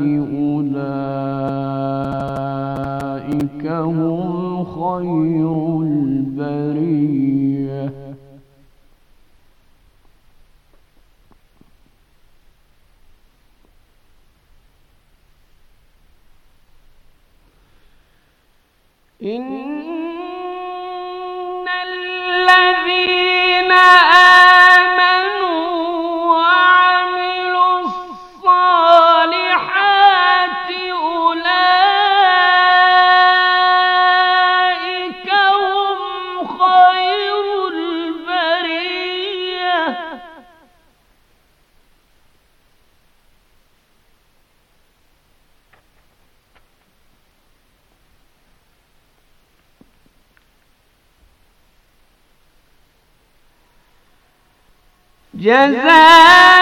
أولئك هم خير البريه جزاء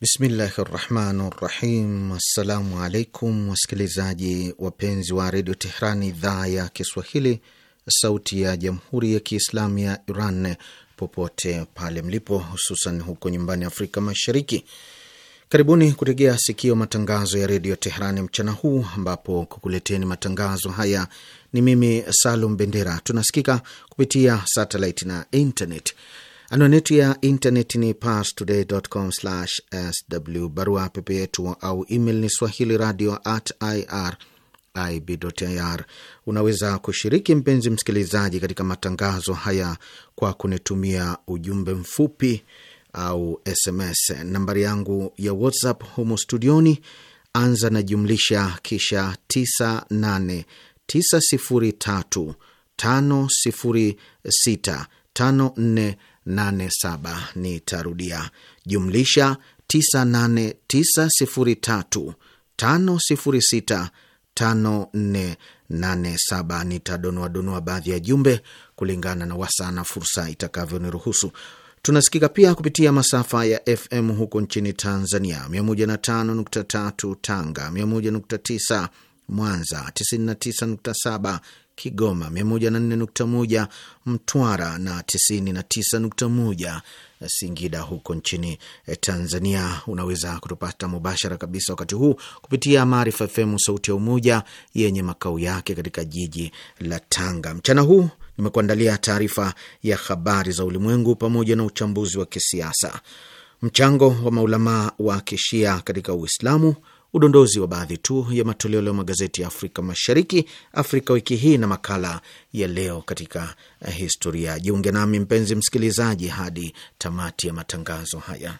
Bismillahi rahmani rahim. Assalamu alaikum wasikilizaji wapenzi wa redio Tehran, idhaa ya Kiswahili, sauti ya jamhuri ya kiislamu ya Iran, popote pale mlipo, hususan huko nyumbani Afrika Mashariki. Karibuni kutegea sikio matangazo ya redio Teherani mchana huu, ambapo kukuleteni matangazo haya ni mimi Salum Bendera. Tunasikika kupitia satelit na internet. Anwani yetu ya intaneti ni parstoday.com/sw. Barua pepe yetu au email ni swahili radio at irib.ir. Unaweza kushiriki mpenzi msikilizaji, katika matangazo haya kwa kunitumia ujumbe mfupi au SMS. Nambari yangu ya WhatsApp humo studioni, anza na jumlisha kisha 989035065 97. Nitarudia, jumlisha 989035065487. Nitadonoadonoa baadhi ya jumbe kulingana na wasaa na fursa itakavyoniruhusu. Tunasikika pia kupitia masafa ya FM huko nchini Tanzania: 105.3 Tanga, 101.9 Mwanza, 99.7 Kigoma, 104.1 Mtwara na 99.1 Singida huko nchini eh, Tanzania. Unaweza kutupata mubashara kabisa wakati huu kupitia Maarifa FM sauti ya Umoja yenye makao yake katika jiji la Tanga. Mchana huu nimekuandalia taarifa ya habari za ulimwengu pamoja na uchambuzi wa kisiasa, mchango wa maulamaa wa kishia katika Uislamu, udondozi wa baadhi tu ya matoleo leo magazeti ya Afrika Mashariki, Afrika wiki hii na makala ya leo katika eh, historia. Jiunge nami mpenzi msikilizaji hadi tamati ya matangazo haya.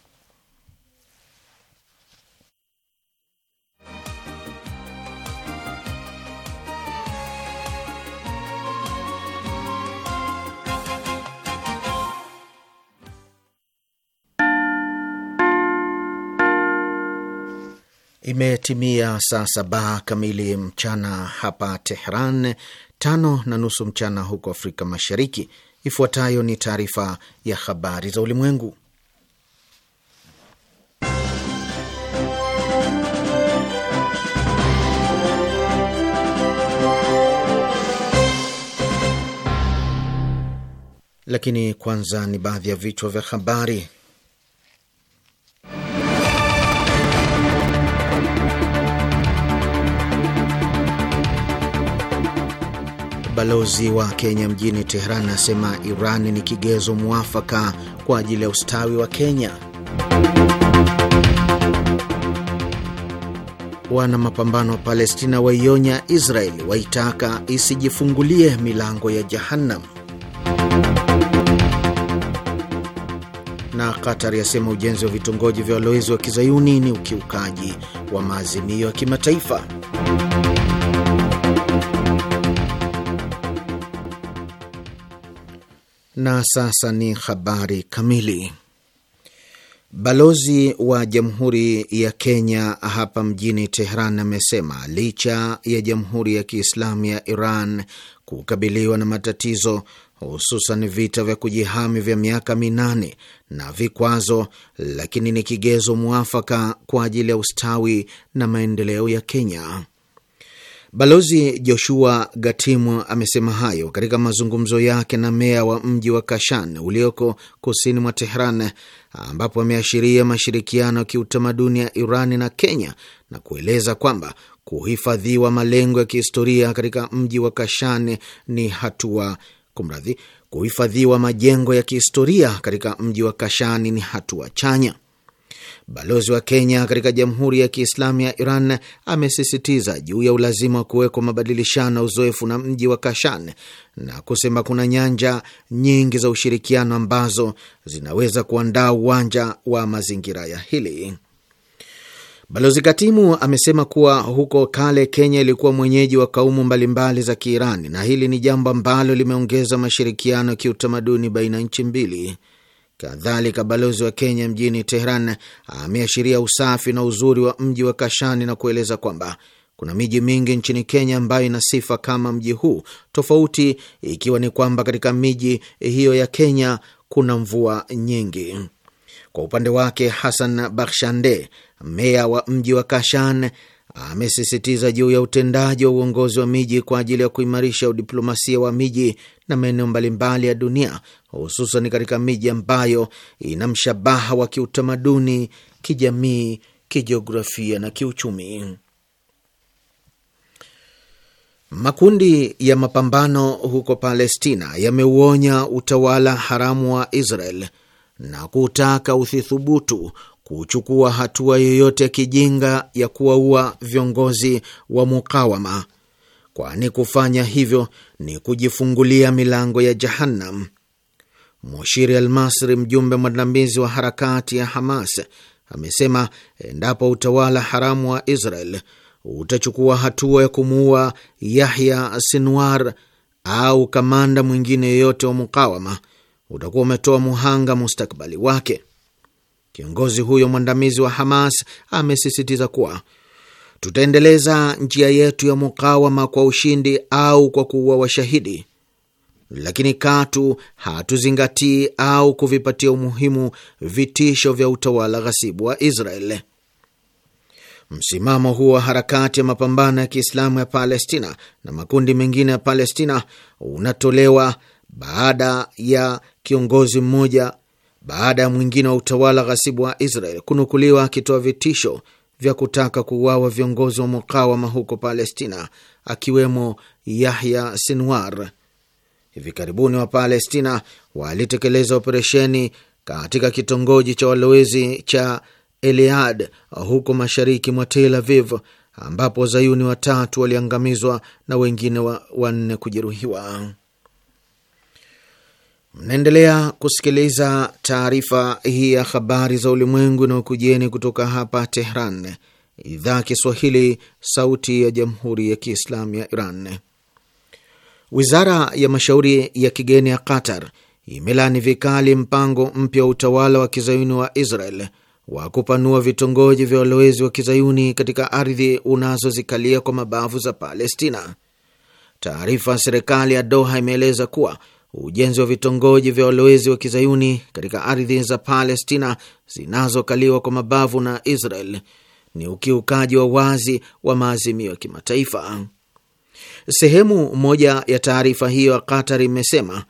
Imetimia saa saba kamili mchana hapa Tehran, tano na nusu mchana huko Afrika Mashariki. Ifuatayo ni taarifa ya habari za ulimwengu, lakini kwanza ni baadhi ya vichwa vya habari. Balozi wa Kenya mjini Teheran asema Iran ni kigezo mwafaka kwa ajili ya ustawi wa Kenya. Wana mapambano wa Palestina waionya Israeli, waitaka isijifungulie milango ya jahannam. Na Katari yasema ujenzi wa vitongoji vya walowezi wa kizayuni ni ukiukaji wa maazimio ya kimataifa. Na sasa ni habari kamili. Balozi wa Jamhuri ya Kenya hapa mjini Tehran amesema licha ya Jamhuri ya Kiislamu ya Iran kukabiliwa na matatizo hususan vita vya kujihami vya miaka minane na vikwazo, lakini ni kigezo mwafaka kwa ajili ya ustawi na maendeleo ya Kenya. Balozi Joshua gatim amesema hayo katika mazungumzo yake na meya wa mji wa Kashan ulioko kusini mwa Tehran, ambapo ameashiria mashirikiano ya kiutamaduni ya Irani na Kenya na kueleza kwamba kuhifadhiwa malengo ya kihistoria katika mji wa Kashan ni hatua kumradhi, kuhifadhiwa majengo ya kihistoria katika mji wa Kashani ni hatua chanya. Balozi wa Kenya katika Jamhuri ya Kiislamu ya Iran amesisitiza juu ya ulazima wa kuwekwa mabadilishano ya uzoefu na mji wa Kashan na kusema kuna nyanja nyingi za ushirikiano ambazo zinaweza kuandaa uwanja wa mazingira ya hili. Balozi Katimu amesema kuwa huko kale Kenya ilikuwa mwenyeji wa kaumu mbalimbali za Kiirani na hili ni jambo ambalo limeongeza mashirikiano ya kiutamaduni baina ya nchi mbili. Kadhalika, balozi wa Kenya mjini Teheran ameashiria usafi na uzuri wa mji wa Kashani na kueleza kwamba kuna miji mingi nchini Kenya ambayo ina sifa kama mji huu, tofauti ikiwa ni kwamba katika miji hiyo ya Kenya kuna mvua nyingi. Kwa upande wake, Hassan Bakhshande, meya wa mji wa Kashan, amesisitiza juu ya utendaji wa uongozi wa miji kwa ajili ya kuimarisha udiplomasia wa miji na maeneo mbalimbali ya dunia, hususan katika miji ambayo ina mshabaha wa kiutamaduni, kijamii, kijiografia na kiuchumi. Makundi ya mapambano huko Palestina yameuonya utawala haramu wa Israel na kutaka uthithubutu kuchukua hatua yoyote ya kijinga ya kuwaua viongozi wa mukawama, kwani kufanya hivyo ni kujifungulia milango ya Jahannam. Mushiri Almasri, mjumbe mwandamizi wa harakati ya Hamas, amesema endapo utawala haramu wa Israel utachukua hatua ya kumuua Yahya Sinwar au kamanda mwingine yoyote wa mukawama, utakuwa umetoa muhanga mustakbali wake. Kiongozi huyo mwandamizi wa Hamas amesisitiza kuwa tutaendeleza njia yetu ya mukawama kwa ushindi au kwa kuua washahidi, lakini katu hatuzingatii au kuvipatia umuhimu vitisho vya utawala ghasibu wa Israel. Msimamo huo wa harakati ya mapambano ya Kiislamu ya Palestina na makundi mengine ya Palestina unatolewa baada ya kiongozi mmoja baada ya mwingine wa utawala ghasibu wa Israel kunukuliwa akitoa vitisho vya kutaka kuuawa viongozi wa mukawama huko Palestina, akiwemo Yahya Sinwar. Hivi karibuni wa palestina walitekeleza operesheni katika kitongoji cha walowezi cha Eliad huko mashariki mwa Tel Aviv, ambapo wazayuni watatu waliangamizwa na wengine wanne kujeruhiwa. Mnaendelea kusikiliza taarifa hii ya habari za ulimwengu ukujieni kutoka hapa Tehran, idhaa Kiswahili, sauti ya jamhuri ya kiislamu ya Iran. Wizara ya mashauri ya kigeni ya Qatar imelani vikali mpango mpya wa utawala wa kizayuni wa Israel wa kupanua vitongoji vya walowezi wa kizayuni katika ardhi unazozikalia kwa mabavu za Palestina. Taarifa ya serikali ya Doha imeeleza kuwa ujenzi wa vitongoji vya walowezi wa kizayuni katika ardhi za Palestina zinazokaliwa kwa mabavu na Israel ni ukiukaji wa wazi wa maazimio ya kimataifa. Sehemu moja ya taarifa hiyo ya Qatar imesema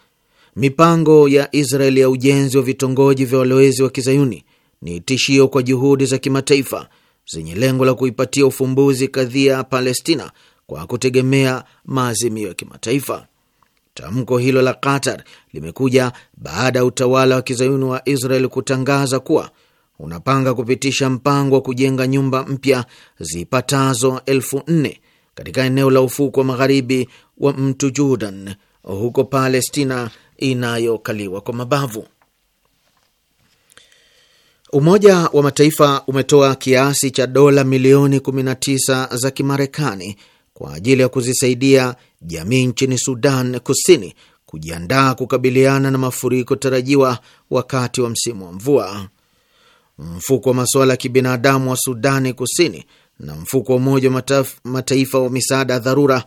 mipango ya Israel ya ujenzi wa vitongoji vya walowezi wa kizayuni ni tishio kwa juhudi za kimataifa zenye lengo la kuipatia ufumbuzi kadhia ya Palestina kwa kutegemea maazimio ya kimataifa. Tamko hilo la Qatar limekuja baada ya utawala wa kizayuni wa Israel kutangaza kuwa unapanga kupitisha mpango wa kujenga nyumba mpya zipatazo elfu nne katika eneo la ufuku wa magharibi wa mto Jordan huko Palestina inayokaliwa kwa mabavu. Umoja wa Mataifa umetoa kiasi cha dola milioni 19 za Kimarekani kwa ajili ya kuzisaidia jamii nchini Sudan Kusini kujiandaa kukabiliana na mafuriko tarajiwa wakati wa msimu wa mvua. Mfuko wa masuala ya kibinadamu wa Sudani Kusini na mfuko wa Umoja wa Mataifa wa misaada ya dharura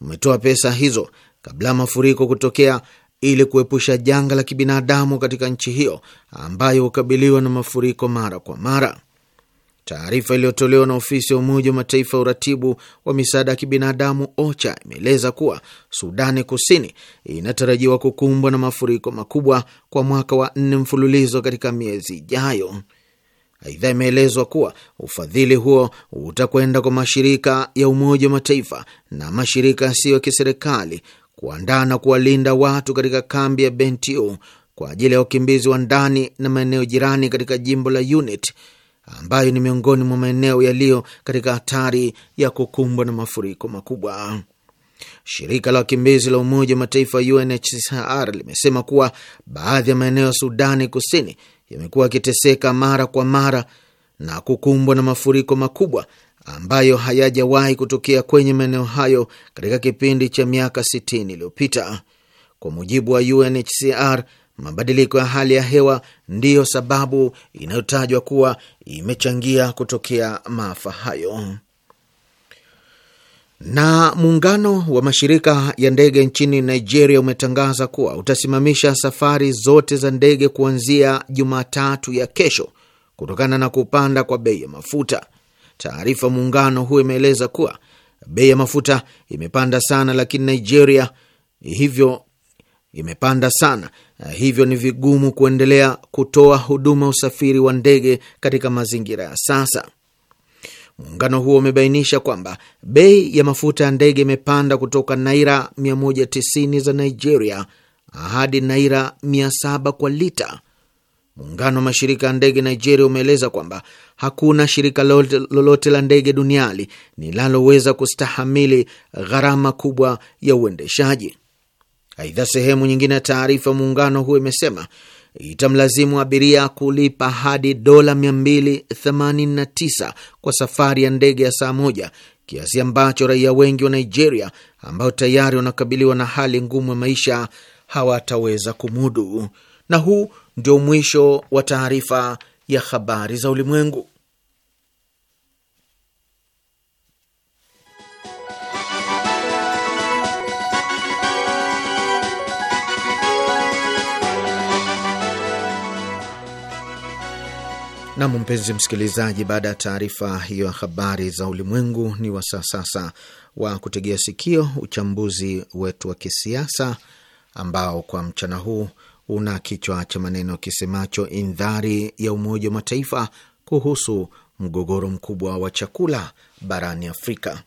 umetoa pesa hizo kabla ya mafuriko kutokea ili kuepusha janga la kibinadamu katika nchi hiyo ambayo hukabiliwa na mafuriko mara kwa mara. Taarifa iliyotolewa na ofisi ya Umoja wa Mataifa ya uratibu wa misaada ya kibinadamu OCHA imeeleza kuwa Sudani Kusini inatarajiwa kukumbwa na mafuriko makubwa kwa mwaka wa nne mfululizo katika miezi ijayo. Aidha, imeelezwa kuwa ufadhili huo utakwenda kwa mashirika ya Umoja wa Mataifa na mashirika yasiyo ya kiserikali kuandaa na kuwalinda watu katika kambi ya Bentiu kwa ajili ya wakimbizi wa ndani na maeneo jirani katika jimbo la Unity ambayo ni miongoni mwa maeneo yaliyo katika hatari ya kukumbwa na mafuriko makubwa. Shirika la wakimbizi la Umoja wa Mataifa UNHCR limesema kuwa baadhi ya maeneo ya Sudani Kusini yamekuwa yakiteseka mara kwa mara na kukumbwa na mafuriko makubwa ambayo hayajawahi kutokea kwenye maeneo hayo katika kipindi cha miaka 60 iliyopita. Kwa mujibu wa UNHCR, Mabadiliko ya hali ya hewa ndiyo sababu inayotajwa kuwa imechangia kutokea maafa hayo. Na muungano wa mashirika ya ndege nchini Nigeria umetangaza kuwa utasimamisha safari zote za ndege kuanzia Jumatatu ya kesho kutokana na kupanda kwa bei ya mafuta. Taarifa muungano huo imeeleza kuwa bei ya mafuta imepanda sana, lakini Nigeria hivyo imepanda sana, hivyo ni vigumu kuendelea kutoa huduma usafiri wa ndege katika mazingira ya sasa. Muungano huo umebainisha kwamba bei ya mafuta ya ndege imepanda kutoka naira 190 za Nigeria hadi naira 700 kwa lita. Muungano wa mashirika ya ndege Nigeria umeeleza kwamba hakuna shirika lolote la ndege duniani linaloweza kustahamili gharama kubwa ya uendeshaji. Aidha, sehemu nyingine ya taarifa ya muungano huo imesema itamlazimu abiria kulipa hadi dola 289 kwa safari ya ndege ya saa moja, kiasi ambacho raia wengi wa Nigeria ambao tayari wanakabiliwa na hali ngumu ya maisha hawataweza kumudu. Na huu ndio mwisho wa taarifa ya habari za ulimwengu. Nam, mpenzi msikilizaji, baada ya taarifa hiyo ya habari za ulimwengu, ni wasaa sasa wa kutegea sikio uchambuzi wetu wa kisiasa ambao kwa mchana huu una kichwa cha maneno kisemacho indhari ya Umoja wa Mataifa kuhusu mgogoro mkubwa wa chakula barani Afrika.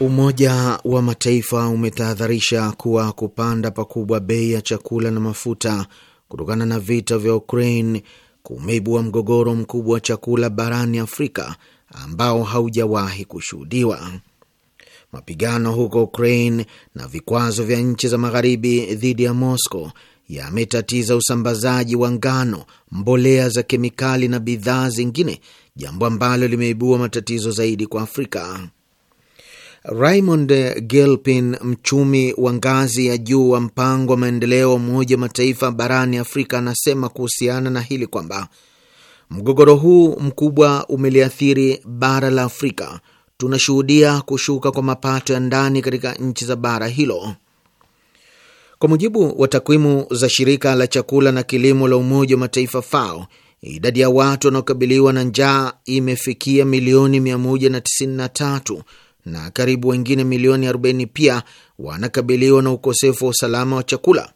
Umoja wa Mataifa umetahadharisha kuwa kupanda pakubwa bei ya chakula na mafuta kutokana na vita vya Ukraine kumeibua mgogoro mkubwa wa chakula barani Afrika ambao haujawahi kushuhudiwa. Mapigano huko Ukraine na vikwazo vya nchi za magharibi dhidi ya Moscow yametatiza usambazaji wa ngano, mbolea za kemikali na bidhaa zingine, jambo ambalo limeibua matatizo zaidi kwa Afrika. Raymond Gilpin, mchumi wa ngazi ya juu wa mpango wa maendeleo wa Umoja wa Mataifa barani Afrika, anasema kuhusiana na hili kwamba mgogoro huu mkubwa umeliathiri bara la Afrika. Tunashuhudia kushuka kwa mapato ya ndani katika nchi za bara hilo. Kwa mujibu wa takwimu za shirika la chakula na kilimo la Umoja wa Mataifa FAO, idadi ya watu wanaokabiliwa na njaa imefikia milioni 193 na karibu wengine milioni 40 pia wanakabiliwa na ukosefu wa usalama wa chakula.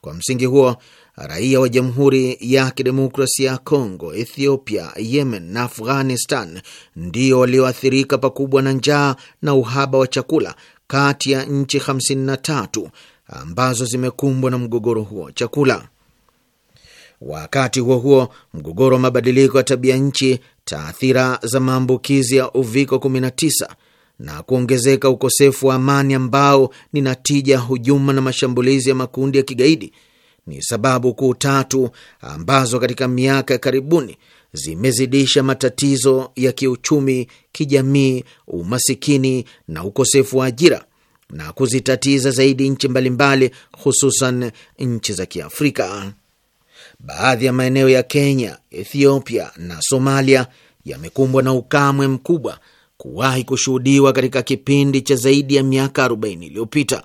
Kwa msingi huo, raia wa Jamhuri ya Kidemokrasia ya Kongo, Ethiopia, Yemen na Afghanistan ndio walioathirika pakubwa na njaa na uhaba wa chakula kati ya nchi 53 ambazo zimekumbwa na mgogoro huo wa chakula. Wakati huo huo, mgogoro wa mabadiliko ya tabia nchi, taathira za maambukizi ya uviko 19 na kuongezeka ukosefu wa amani ambao ni natija hujuma na mashambulizi ya makundi ya kigaidi ni sababu kuu tatu ambazo katika miaka ya karibuni zimezidisha matatizo ya kiuchumi, kijamii, umasikini na ukosefu wa ajira na kuzitatiza zaidi nchi mbalimbali, hususan nchi za Kiafrika. Baadhi ya maeneo ya Kenya, Ethiopia na Somalia yamekumbwa na ukamwe mkubwa kuwahi kushuhudiwa katika kipindi cha zaidi ya miaka 40 iliyopita.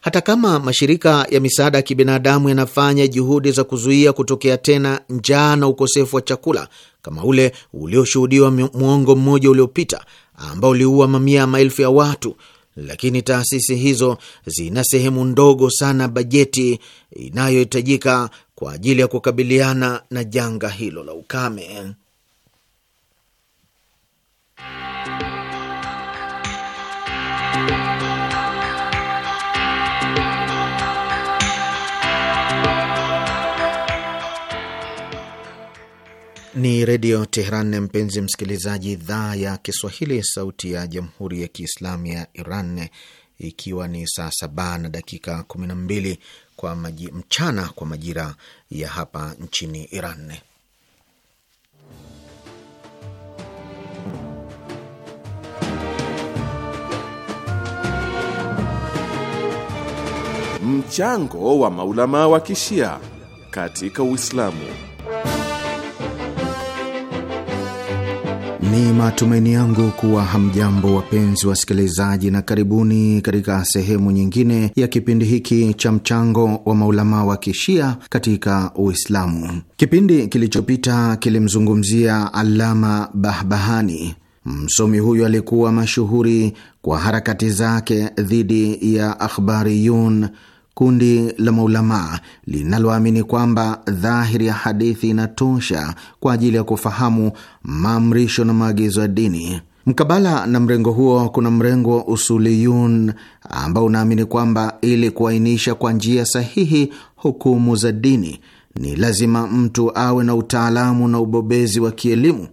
Hata kama mashirika ya misaada ya kibinadamu yanafanya juhudi za kuzuia kutokea tena njaa na ukosefu wa chakula kama ule ulioshuhudiwa mwongo mmoja uliopita ambao uliua mamia ya maelfu ya watu, lakini taasisi hizo zina sehemu ndogo sana bajeti inayohitajika kwa ajili ya kukabiliana na janga hilo la ukame. Ni Redio Teheran, mpenzi msikilizaji, idhaa ya Kiswahili, sauti ya jamhuri ya kiislamu ya Iran, ikiwa ni saa saba na dakika kumi na mbili kwa maji, mchana kwa majira ya hapa nchini Iran. Mchango wa maulama wa kishia katika Uislamu. Ni matumaini yangu kuwa hamjambo wapenzi wasikilizaji, na karibuni katika sehemu nyingine ya kipindi hiki cha mchango wa maulama wa kishia katika Uislamu. Kipindi kilichopita kilimzungumzia Alama Bahbahani. Msomi huyu alikuwa mashuhuri kwa harakati zake dhidi ya akhbariyun Kundi la maulamaa linaloamini kwamba dhahiri ya hadithi inatosha kwa ajili ya kufahamu maamrisho na maagizo ya dini. Mkabala na mrengo huo, kuna mrengo wa usuliyun ambao unaamini kwamba ili kuainisha kwa njia sahihi hukumu za dini ni lazima mtu awe na utaalamu na ubobezi wa kielimu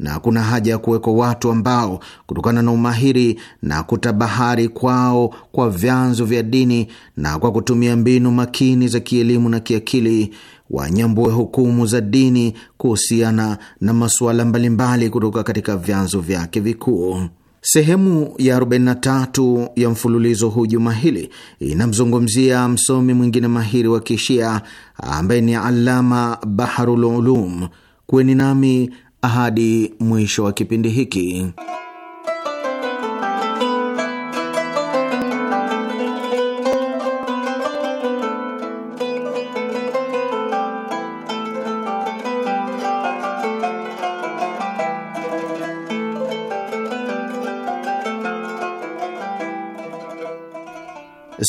na kuna haja ya kuwekwa watu ambao kutokana na umahiri na kutabahari kwao kwa vyanzo vya dini na kwa kutumia mbinu makini za kielimu na kiakili wanyambue hukumu za dini kuhusiana na masuala mbalimbali kutoka katika vyanzo vyake vikuu. Sehemu ya 43 ya mfululizo huu juma hili inamzungumzia msomi mwingine mahiri wa Kishia ambaye ni Alama Baharululum. Kweni nami hadi mwisho wa kipindi hiki.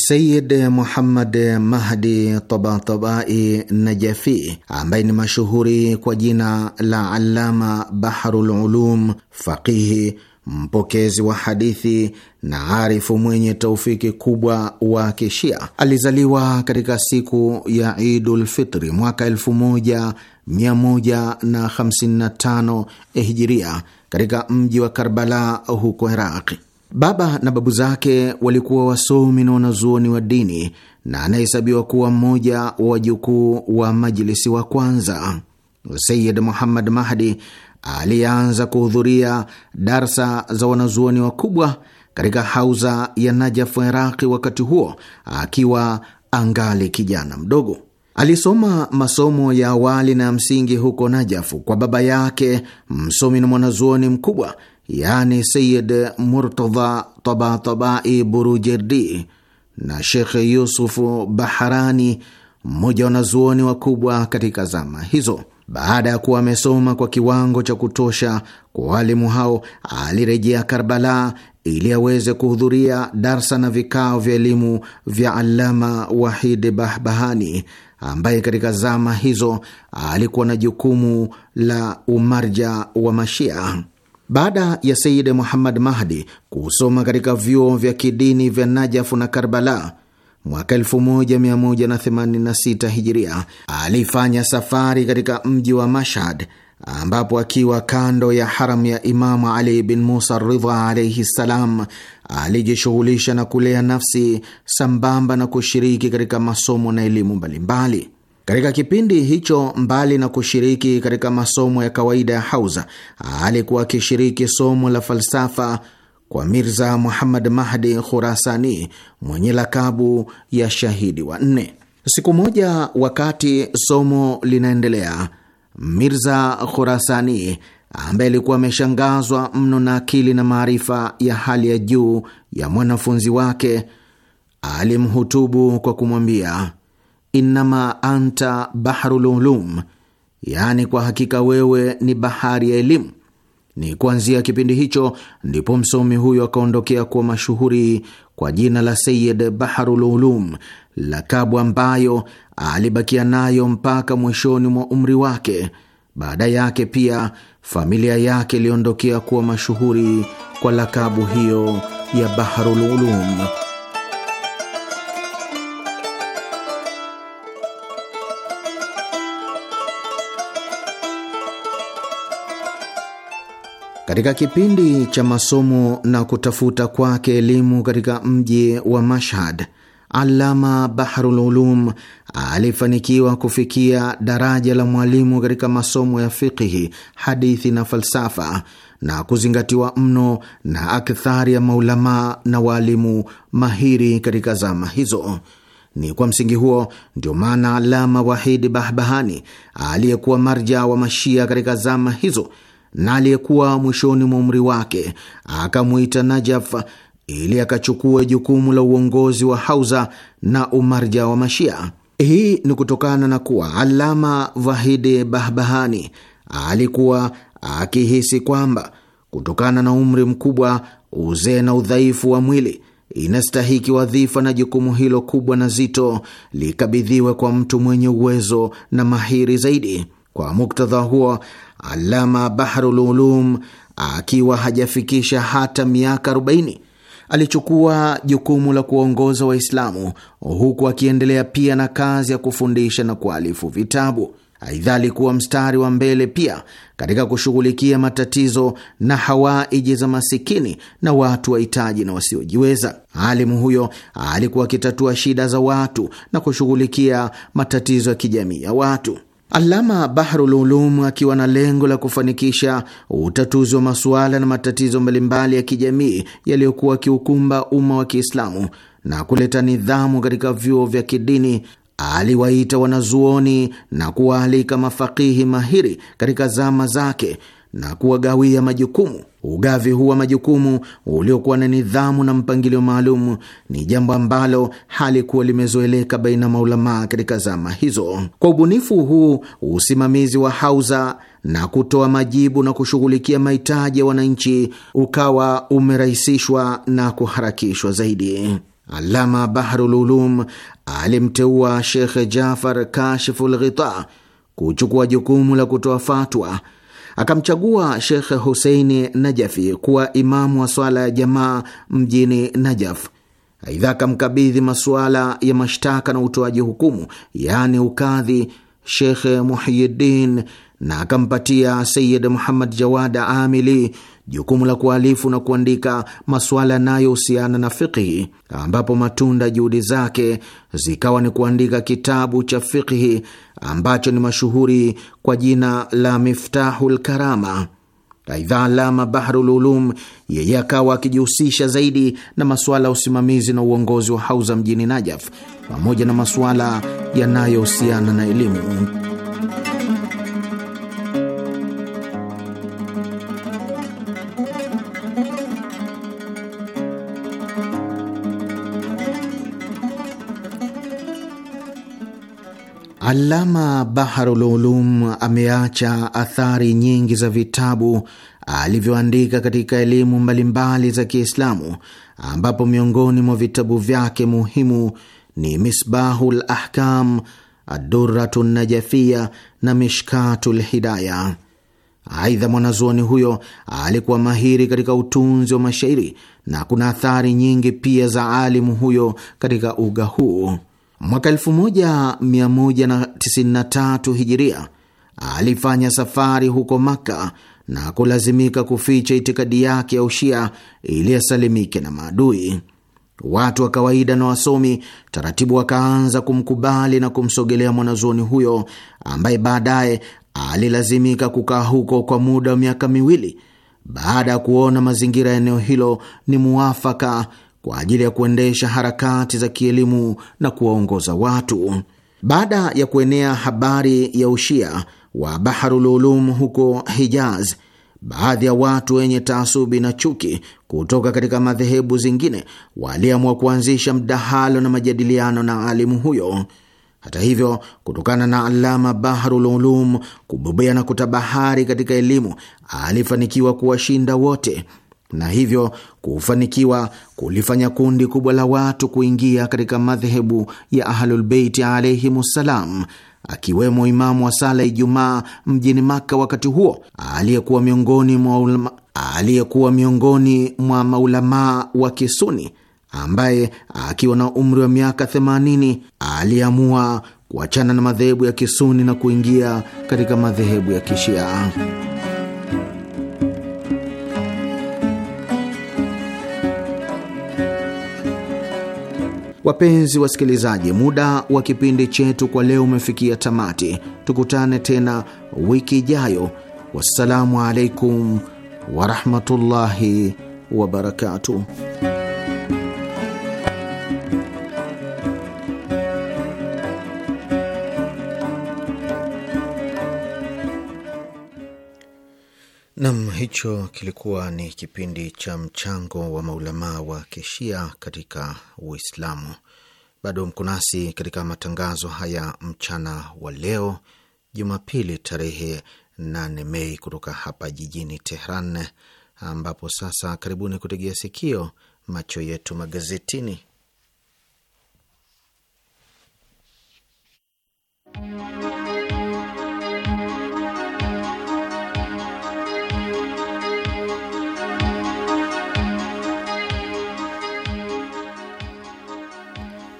Sayid Muhammad Mahdi Tabatabai Najafi, ambaye ni mashuhuri kwa jina la Alama Baharul Ulum, faqihi mpokezi wa hadithi na arifu mwenye taufiki kubwa wa Kishia alizaliwa katika siku ya Idul Fitri mwaka 1155 Hijiria katika mji wa Karbala huko Iraqi. Baba na babu zake walikuwa wasomi na wanazuoni wa dini na anahesabiwa kuwa mmoja wa wajukuu wa Majilisi wa kwanza. Sayid Muhammad Mahdi alianza kuhudhuria darsa za wanazuoni wakubwa katika hauza ya Najafu, Iraqi, wakati huo akiwa angali kijana mdogo. Alisoma masomo ya awali na ya msingi huko Najafu kwa baba yake, msomi na mwanazuoni mkubwa yani Sayid Murtadha Tabatabai Burujerdi na Shekhe Yusufu Baharani, mmoja wa wanazuoni wakubwa katika zama hizo. Baada ya kuwa amesoma kwa kiwango cha kutosha kwa walimu hao, alirejea Karbala ili aweze kuhudhuria darsa na vikao vya elimu vya Alama Wahid Bahbahani ambaye katika zama hizo alikuwa na jukumu la umarja wa Mashia. Baada ya Sayid Muhammad Mahdi kusoma katika vyuo vya kidini vya Najafu na Karbala mwaka 1186 Hijiria, alifanya safari katika mji wa Mashhad ambapo akiwa kando ya haramu ya Imamu Ali bin Musa Ridha alaihi ssalam, alijishughulisha na kulea nafsi sambamba na kushiriki katika masomo na elimu mbalimbali. Katika kipindi hicho, mbali na kushiriki katika masomo ya kawaida ya hauza, alikuwa akishiriki somo la falsafa kwa Mirza Muhammad Mahdi Khurasani mwenye lakabu ya Shahidi wa Nne. Siku moja, wakati somo linaendelea, Mirza Khurasani ambaye alikuwa ameshangazwa mno na akili na maarifa ya hali ya juu ya mwanafunzi wake alimhutubu kwa kumwambia innama anta bahrul ulum, yaani kwa hakika wewe ni bahari ya elimu. Ni kuanzia kipindi hicho ndipo msomi huyo akaondokea kuwa mashuhuri kwa jina la Sayid Baharul Ulum, lakabu ambayo alibakia nayo mpaka mwishoni mwa umri wake. Baada yake pia familia yake iliondokea kuwa mashuhuri kwa lakabu hiyo ya Baharul Ulum. Katika kipindi cha masomo na kutafuta kwake elimu katika mji wa Mashhad, Alama Bahrul Ulum alifanikiwa kufikia daraja la mwalimu katika masomo ya fiqhi, hadithi na falsafa na kuzingatiwa mno na akthari ya maulamaa na waalimu mahiri katika zama hizo. Ni kwa msingi huo ndio maana Alama Wahidi Bahbahani aliyekuwa marja wa Mashia katika zama hizo na aliyekuwa mwishoni mwa umri wake akamwita Najaf ili akachukua jukumu la uongozi wa hauza na umarja wa Mashia. Hii ni kutokana na kuwa Alama Vahidi Bahbahani alikuwa akihisi kwamba kutokana na umri mkubwa, uzee na udhaifu wa mwili inastahiki wadhifa na jukumu hilo kubwa na zito likabidhiwe kwa mtu mwenye uwezo na mahiri zaidi. Kwa muktadha huo Alama Bahrul Ulum akiwa hajafikisha hata miaka 40 alichukua jukumu la kuongoza Waislamu huku akiendelea pia na kazi ya kufundisha na kualifu vitabu. Aidha, alikuwa mstari wa mbele pia katika kushughulikia matatizo na hawaiji za masikini na watu wahitaji na wasiojiweza. Alimu huyo alikuwa akitatua shida za watu na kushughulikia matatizo ya kijamii ya watu alama Bahrul Ulum akiwa na lengo la kufanikisha utatuzi wa masuala na matatizo mbalimbali ya kijamii yaliyokuwa akiukumba umma wa Kiislamu na kuleta nidhamu katika vyuo vya kidini, aliwaita wanazuoni na kuwaalika mafakihi mahiri katika zama zake na kuwagawia majukumu. Ugavi huu wa majukumu uliokuwa na nidhamu na mpangilio maalum ni jambo ambalo halikuwa limezoeleka baina ya maulamaa katika zama hizo. Kwa ubunifu huu, usimamizi wa hauza na kutoa majibu na kushughulikia mahitaji ya wananchi ukawa umerahisishwa na kuharakishwa zaidi. Alama Bahrul Ulum alimteua Shekhe Jafar Kashiful Ghita kuchukua jukumu la kutoa fatwa Akamchagua Shekh Huseini Najafi kuwa imamu wa swala ya jamaa mjini Najaf. Aidha, akamkabidhi masuala ya mashtaka na utoaji hukumu, yaani ukadhi, Shekhe Muhyiddin na akampatia Sayid Muhammad Jawada Amili jukumu la kualifu na kuandika masuala yanayohusiana na fiqhi, ambapo matunda juhudi zake zikawa ni kuandika kitabu cha fiqhi ambacho ni mashuhuri kwa jina la Miftahul Karama. Aidha, Alama Bahrul Ulum yeye akawa akijihusisha zaidi na masuala ya usimamizi na uongozi wa hauza mjini Najaf, pamoja na masuala yanayohusiana na elimu. alama Baharul Ulum ameacha athari nyingi za vitabu alivyoandika katika elimu mbalimbali za Kiislamu, ambapo miongoni mwa vitabu vyake muhimu ni Misbahul Ahkam, Aduratu Najafia na Mishkatu Lhidaya. Aidha, mwanazuoni huyo alikuwa mahiri katika utunzi wa mashairi na kuna athari nyingi pia za alimu huyo katika uga huu. Mwaka 1193 hijiria alifanya safari huko Maka na kulazimika kuficha itikadi yake ya ushia ili asalimike na maadui. Watu wa kawaida na wasomi taratibu wakaanza kumkubali na kumsogelea mwanazuoni huyo ambaye baadaye alilazimika kukaa huko kwa muda wa miaka miwili baada ya kuona mazingira ya eneo hilo ni muafaka kwa ajili ya kuendesha harakati za kielimu na kuwaongoza watu. Baada ya kuenea habari ya ushia wa Baharul Ulum huko Hijaz, baadhi ya watu wenye taasubi na chuki kutoka katika madhehebu zingine waliamua kuanzisha mdahalo na majadiliano na alimu huyo. Hata hivyo, kutokana na Alama Baharul Ulum kubobea na kutabahari katika elimu, alifanikiwa kuwashinda wote na hivyo kufanikiwa kulifanya kundi kubwa la watu kuingia katika madhehebu ya Ahlulbeiti alaihimussalam, akiwemo imamu wa sala Ijumaa mjini makka wakati huo aliyekuwa miongoni mwa ulama, aliyekuwa miongoni mwa maulamaa wa Kisuni ambaye akiwa na umri wa miaka 80 aliamua kuachana na madhehebu ya Kisuni na kuingia katika madhehebu ya Kishia. Wapenzi wasikilizaji, muda wa kipindi chetu kwa leo umefikia tamati. Tukutane tena wiki ijayo. Wassalamu alaikum warahmatullahi wabarakatuh. Nam, hicho kilikuwa ni kipindi cha mchango wa maulamaa wa kishia katika Uislamu. Bado mko nasi katika matangazo haya mchana wa leo Jumapili tarehe 8 Mei kutoka hapa jijini Tehran, ambapo sasa karibuni kutegea sikio macho yetu magazetini.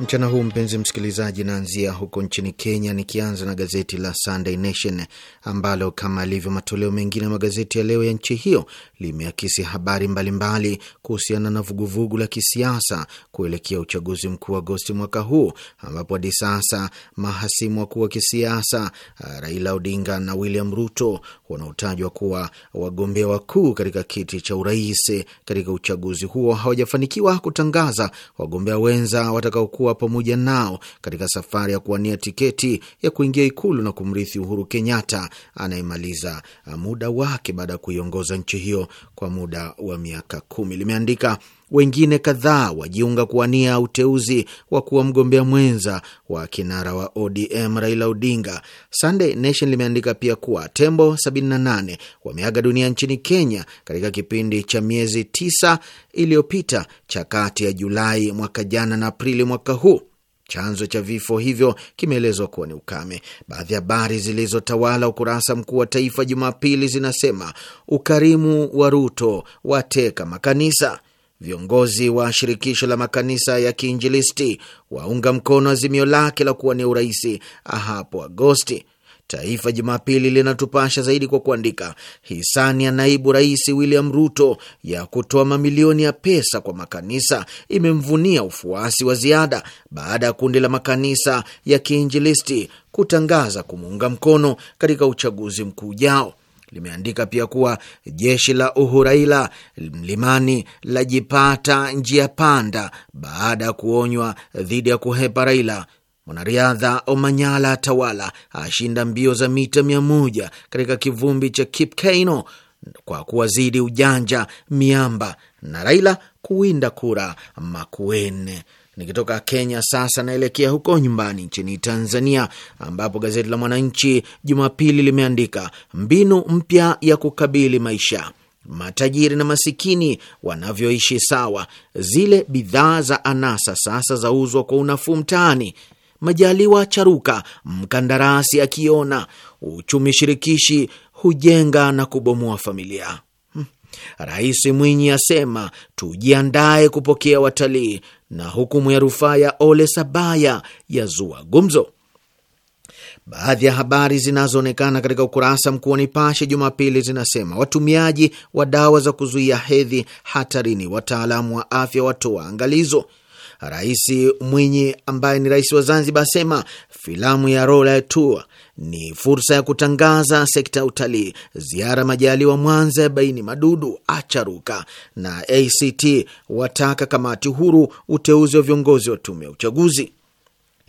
mchana huu, mpenzi msikilizaji, naanzia huko nchini Kenya, nikianza na gazeti la Sunday Nation ambalo kama alivyo matoleo mengine ya magazeti ya leo ya nchi hiyo limeakisi habari mbalimbali kuhusiana na vuguvugu la kisiasa kuelekea uchaguzi mkuu Agosti mwaka huu, ambapo hadi sasa mahasimu wakuu wa kisiasa uh, Raila Odinga na William Ruto wanaotajwa kuwa wagombea wakuu katika kiti cha urais katika uchaguzi huo hawajafanikiwa kutangaza wagombea wenza watakaokuwa kuwa pamoja nao katika safari ya kuwania tiketi ya kuingia Ikulu na kumrithi Uhuru Kenyatta anayemaliza muda wake baada ya kuiongoza nchi hiyo kwa muda wa miaka kumi, limeandika wengine kadhaa wajiunga kuwania uteuzi wa kuwa mgombea mwenza wa kinara wa ODM Raila Odinga. Sunday Nation limeandika pia kuwa tembo 78 wameaga dunia nchini Kenya katika kipindi cha miezi tisa iliyopita cha kati ya Julai mwaka jana na Aprili mwaka huu. Chanzo cha vifo hivyo kimeelezwa kuwa ni ukame. Baadhi ya habari zilizotawala ukurasa mkuu wa Taifa Jumapili zinasema ukarimu wa Ruto wateka makanisa. Viongozi wa shirikisho la makanisa ya kiinjilisti waunga mkono azimio lake la kuwania urais hapo Agosti. Taifa Jumapili linatupasha zaidi kwa kuandika hisani ya naibu rais William Ruto ya kutoa mamilioni ya pesa kwa makanisa imemvunia ufuasi wa ziada baada ya kundi la makanisa ya kiinjilisti kutangaza kumuunga mkono katika uchaguzi mkuu ujao limeandika pia kuwa jeshi la Uhuraila mlimani lajipata njia panda baada ya kuonywa dhidi ya kuhepa Raila. Mwanariadha Omanyala Tawala ashinda mbio za mita mia moja katika kivumbi cha Kipkeino kwa kuwazidi ujanja miamba na Raila kuwinda kura Makueni. Nikitoka Kenya sasa naelekea huko nyumbani nchini Tanzania, ambapo gazeti la Mwananchi Jumapili limeandika mbinu mpya ya kukabili maisha, matajiri na masikini wanavyoishi sawa, zile bidhaa za anasa sasa zauzwa kwa unafuu mtaani. Majaliwa charuka, mkandarasi akiona uchumi shirikishi hujenga na kubomoa familia. Hm. Rais Mwinyi asema tujiandae kupokea watalii na hukumu ya rufaa ya Ole Sabaya ya zua gumzo. Baadhi ya habari zinazoonekana katika ukurasa mkuu wa Nipashe Jumapili zinasema watumiaji wa dawa za kuzuia hedhi hatarini, wataalamu wa afya watoa angalizo. Rais Mwinyi ambaye ni rais wa Zanzibar asema filamu ya Royal Tour ni fursa ya kutangaza sekta ya utalii. Ziara Majaliwa Mwanza ya baini madudu acharuka, na ACT wataka kamati huru uteuzi wa viongozi wa tume ya uchaguzi.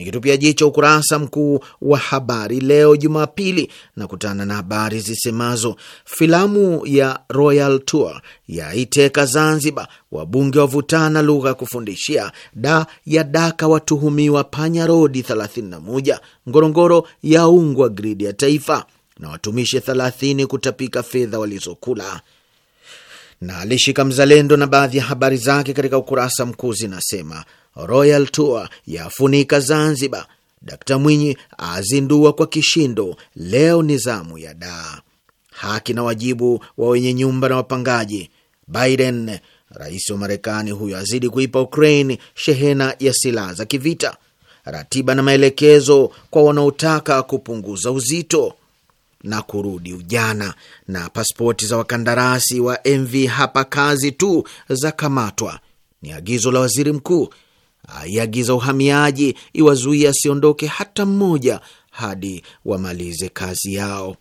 Nikitupia jicho ukurasa mkuu wa habari leo Jumapili na kutana na habari zisemazo filamu ya Royal Tour yaiteka Zanzibar, wabunge wavutana lugha ya kufundishia, da ya daka watuhumiwa panya rodi 31, Ngorongoro yaungwa gridi ya taifa na watumishi 30 kutapika fedha walizokula na alishika Mzalendo na baadhi ya habari zake katika ukurasa mkuu zinasema: Royal Tour yafunika Zanzibar, Dkt Mwinyi azindua kwa kishindo, leo ni zamu ya daa, haki na wajibu wa wenye nyumba na wapangaji, Biden rais wa Marekani huyo azidi kuipa Ukraine shehena ya silaha za kivita, ratiba na maelekezo kwa wanaotaka kupunguza uzito na kurudi ujana, na pasipoti za wakandarasi wa MV hapa kazi tu za kamatwa. Ni agizo la waziri mkuu aiagiza uhamiaji iwazuia asiondoke hata mmoja hadi wamalize kazi yao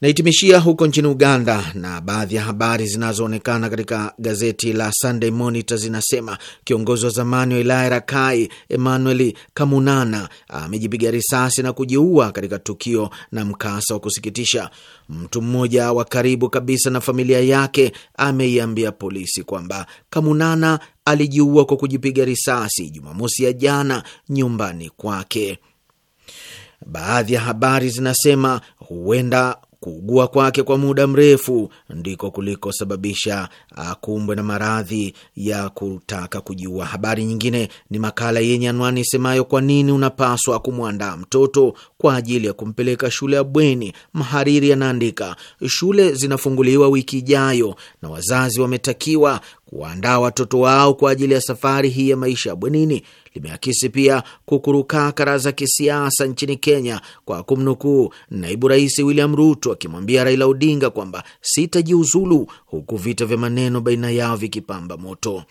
naitimishia huko nchini Uganda, na baadhi ya habari zinazoonekana katika gazeti la Sunday Monitor zinasema kiongozi wa zamani wa wilaya Rakai, Emmanuel Kamunana, amejipiga risasi na kujiua katika tukio na mkasa wa kusikitisha. Mtu mmoja wa karibu kabisa na familia yake ameiambia polisi kwamba Kamunana alijiua kwa kujipiga risasi Jumamosi ya jana nyumbani kwake. Baadhi ya habari zinasema huenda Kuugua kwake kwa muda mrefu ndiko kulikosababisha akumbwe na maradhi ya kutaka kujiua. Habari nyingine ni makala yenye anwani isemayo, kwa nini unapaswa kumwandaa mtoto kwa ajili ya kumpeleka shule ya bweni? Mhariri anaandika, shule zinafunguliwa wiki ijayo na wazazi wametakiwa kuandaa watoto wao kwa ajili ya safari hii ya maisha ya bwenini limeakisi pia kukurukakara za kisiasa nchini Kenya kwa kumnukuu naibu rais William Ruto akimwambia Raila Odinga kwamba sitajiuzulu, huku vita vya maneno baina yao vikipamba moto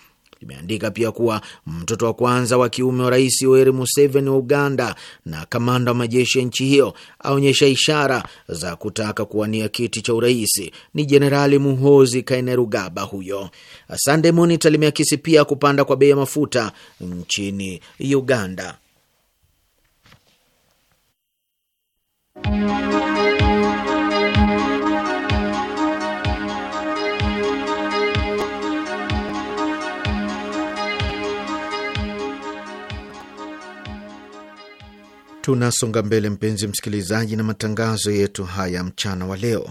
limeandika pia kuwa mtoto wa kwanza wa kiume wa Rais Yoweri Museveni wa Uganda na kamanda wa majeshi ya nchi hiyo aonyesha ishara za kutaka kuwania kiti cha urais ni Jenerali Muhozi Kainerugaba huyo. Sunday Monitor limeakisi pia kupanda kwa bei ya mafuta nchini Uganda. Tunasonga mbele mpenzi msikilizaji, na matangazo yetu haya mchana wa leo.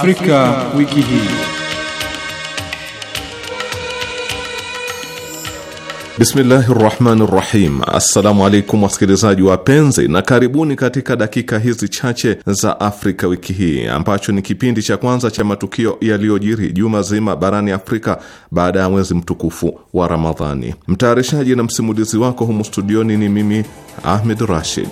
Afrika, wiki hii. Bismillahi rahmani rahim. Assalamu alaikum wasikilizaji wapenzi, na karibuni katika dakika hizi chache za Afrika wiki hii, ambacho ni kipindi cha kwanza cha matukio yaliyojiri juma zima barani Afrika baada ya mwezi mtukufu wa Ramadhani. Mtayarishaji na msimulizi wako humu studioni ni mimi Ahmed Rashid.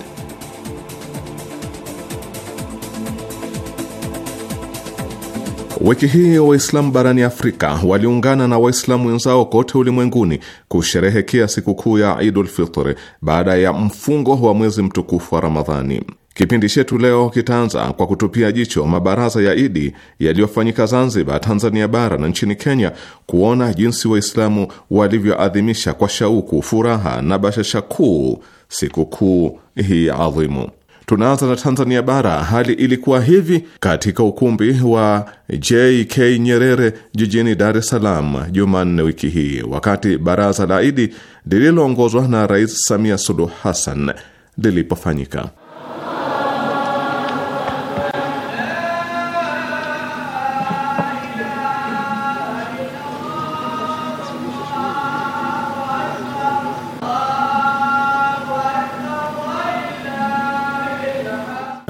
Wiki hii Waislamu barani Afrika waliungana na Waislamu wenzao kote ulimwenguni kusherehekea sikukuu ya Idul Fitri baada ya mfungo wa mwezi mtukufu wa Ramadhani. Kipindi chetu leo kitaanza kwa kutupia jicho mabaraza ya Idi yaliyofanyika Zanzibar, Tanzania bara na nchini Kenya, kuona jinsi Waislamu walivyoadhimisha kwa shauku, furaha na bashasha kuu sikukuu hii adhimu. Tunaanza na Tanzania bara. Hali ilikuwa hivi katika ukumbi wa JK Nyerere jijini Dar es Salaam Jumanne wiki hii, wakati baraza la Idi lililoongozwa na Rais Samia Suluhu Hassan lilipofanyika.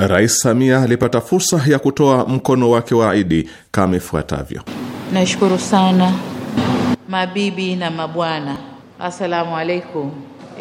Rais Samia alipata fursa ya kutoa mkono wake wa idi kama ifuatavyo: nashukuru sana mabibi na mabwana, assalamu alaikum,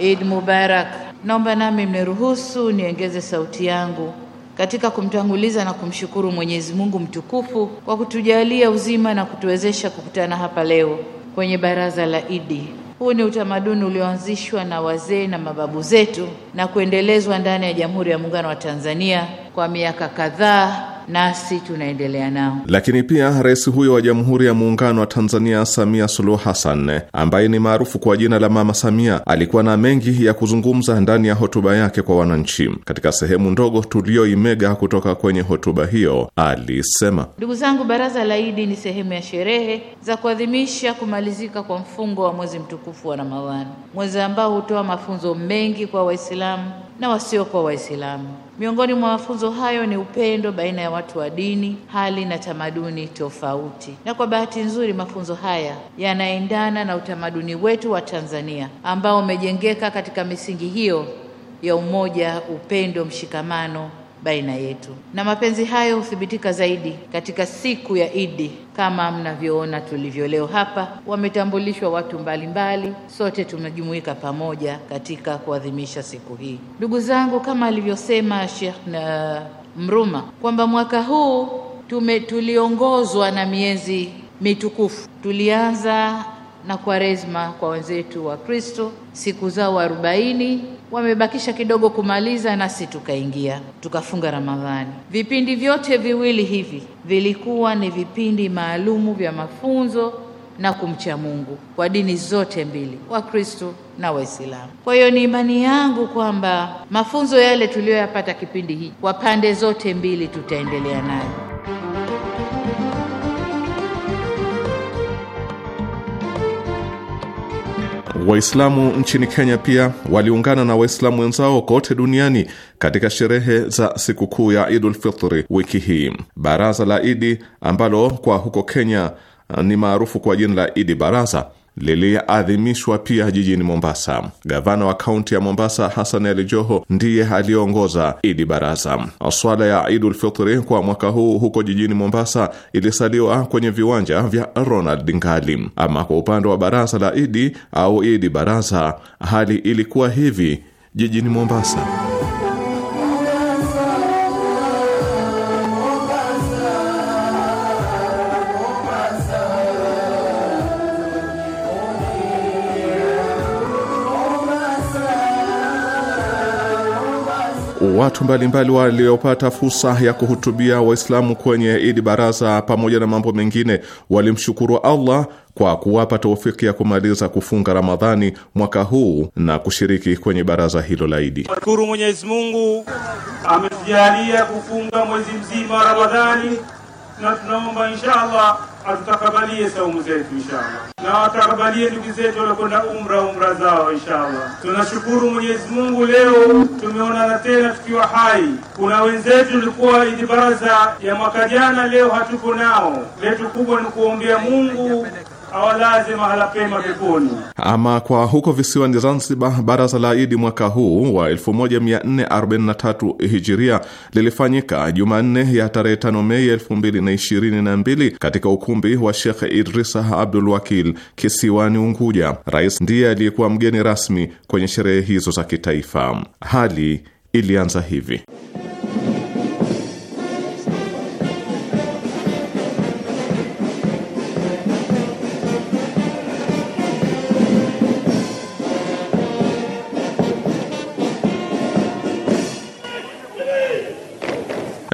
id Mubarak. Naomba nami mniruhusu niongeze sauti yangu katika kumtanguliza na kumshukuru Mwenyezi Mungu mtukufu kwa kutujalia uzima na kutuwezesha kukutana hapa leo kwenye baraza la Idi. Huu ni utamaduni ulioanzishwa na wazee na mababu zetu na kuendelezwa ndani ya Jamhuri ya Muungano wa Tanzania kwa miaka kadhaa nasi tunaendelea nao. Lakini pia rais huyo wa Jamhuri ya Muungano wa Tanzania, Samia Suluhu Hassan, ambaye ni maarufu kwa jina la Mama Samia, alikuwa na mengi ya kuzungumza ndani ya hotuba yake kwa wananchi. Katika sehemu ndogo tuliyoimega kutoka kwenye hotuba hiyo, alisema: ndugu zangu, baraza la Idi ni sehemu ya sherehe za kuadhimisha kumalizika kwa mfungo wa mwezi mtukufu wa Ramadhani, mwezi ambao hutoa mafunzo mengi kwa Waislamu na wasiokuwa Waislamu. Miongoni mwa mafunzo hayo ni upendo baina ya watu wa dini, hali na tamaduni tofauti. Na kwa bahati nzuri, mafunzo haya yanaendana na utamaduni wetu wa Tanzania ambao umejengeka katika misingi hiyo ya umoja, upendo, mshikamano baina yetu, na mapenzi hayo huthibitika zaidi katika siku ya Idi kama mnavyoona tulivyo leo hapa. Wametambulishwa watu mbalimbali mbali, sote tumejumuika pamoja katika kuadhimisha siku hii. Ndugu zangu, kama alivyosema Sheikh na Mruma kwamba mwaka huu tume tuliongozwa na miezi mitukufu, tulianza na Kwaresma kwa wenzetu wa Kristo, siku zao arobaini wamebakisha kidogo kumaliza, nasi tukaingia tukafunga Ramadhani. Vipindi vyote viwili hivi vilikuwa ni vipindi maalumu vya mafunzo na kumcha Mungu kwa dini zote mbili, Wakristo na Waislamu. Kwa hiyo ni imani yangu kwamba mafunzo yale tuliyoyapata kipindi hiki kwa pande zote mbili tutaendelea nayo. Waislamu nchini Kenya pia waliungana na Waislamu wenzao kote duniani katika sherehe za sikukuu ya Idul Fitri wiki hii. Baraza la Idi ambalo kwa huko Kenya ni maarufu kwa jina la Idi Baraza liliadhimishwa pia jijini Mombasa. Gavana wa kaunti ya Mombasa Hassan Ali Joho ndiye aliyeongoza idi baraza. Swala ya Idul Fitri kwa mwaka huu huko jijini Mombasa ilisaliwa kwenye viwanja vya Ronald Ngali. Ama kwa upande wa baraza la idi au idi baraza, hali ilikuwa hivi jijini Mombasa. watu mbalimbali waliopata fursa ya kuhutubia Waislamu kwenye Idi Baraza pamoja na mambo mengine walimshukuru Allah kwa kuwapa taufiki ya kumaliza kufunga Ramadhani mwaka huu na kushiriki kwenye baraza hilo la Idi. Shukuru Mwenyezi Mungu ametujalia kufunga mwezi mzima Ramadhani, na tunaomba inshallah atutakabalie saumu zetu inshallah, na watakabalie ndugu zetu waliokwenda umra umra zao inshaallah Tunashukuru Mwenyezi Mungu, leo tumeonana tena tukiwa hai. Kuna wenzetu tulikuwa ili baraza ya mwaka jana, leo hatuko nao. Letu kubwa ni kuombea Mungu ama kwa huko visiwani Zanzibar, baraza la Idi mwaka huu wa 1443 hijiria lilifanyika Jumanne ya tarehe 5 Mei 2022 katika ukumbi wa Shekh Idrisa Abdul Wakil kisiwani Unguja. Rais ndiye aliyekuwa mgeni rasmi kwenye sherehe hizo za kitaifa. Hali ilianza hivi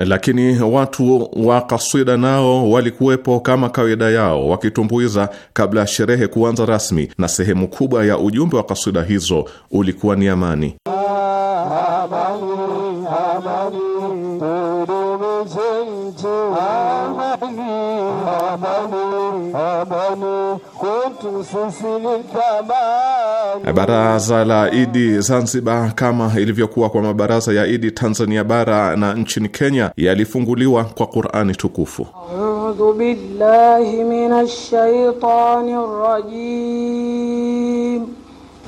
lakini watu wa kaswida nao walikuwepo kama kawaida yao wakitumbuiza kabla ya sherehe kuanza rasmi, na sehemu kubwa ya ujumbe wa kaswida hizo ulikuwa ni amani. amani, amani, amani. Eh, Baraza la Idi Zanzibar kama ilivyokuwa kwa mabaraza ya Idi Tanzania bara na nchini Kenya yalifunguliwa kwa Qur'ani tukufu. A'udhu billahi minash shaitani rajim.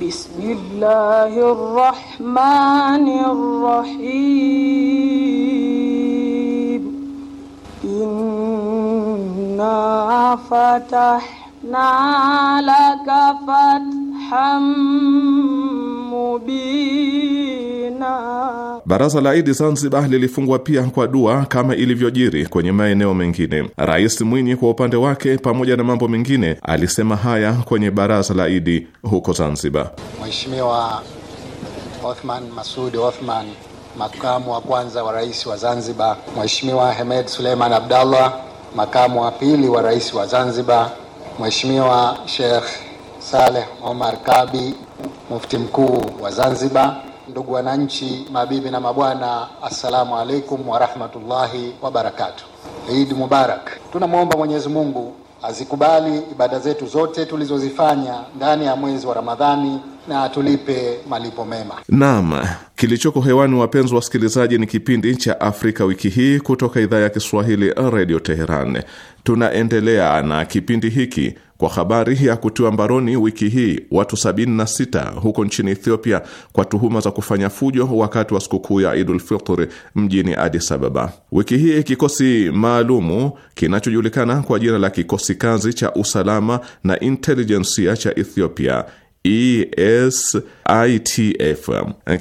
Bismillahir rahmanir rahim. إنا fatahna laka fatham mubina. Baraza la Idi Zanzibar lilifungwa pia kwa dua kama ilivyojiri kwenye maeneo mengine. Rais Mwinyi kwa upande wake, pamoja na mambo mengine, alisema haya kwenye baraza la Idi huko Zanzibar. Mheshimiwa Othman Masud Othman, makamu wa kwanza wa rais wa Zanzibar, Mheshimiwa Hemed Suleiman Abdallah makamu wa pili wa rais wa Zanzibar, Mheshimiwa Sheikh Saleh Omar Kabi, mufti mkuu wa Zanzibar, ndugu wananchi, mabibi na mabwana, assalamu alaikum warahmatullahi wabarakatuh. Eid Mubarak. Tunamwomba Mwenyezi Mungu azikubali ibada zetu zote tulizozifanya ndani ya mwezi wa Ramadhani na atulipe malipo mema. Naam, kilichoko hewani, wapenzi wasikilizaji, ni kipindi cha Afrika wiki hii kutoka idhaa ya Kiswahili, Radio Teheran. Tunaendelea na kipindi hiki kwa habari ya kutiwa mbaroni wiki hii watu 76 huko nchini Ethiopia kwa tuhuma za kufanya fujo wakati wa sikukuu ya Idul Fitr mjini Addis Ababa. Wiki hii kikosi maalumu kinachojulikana kwa jina la kikosi kazi cha usalama na intelijensia cha Ethiopia ESITF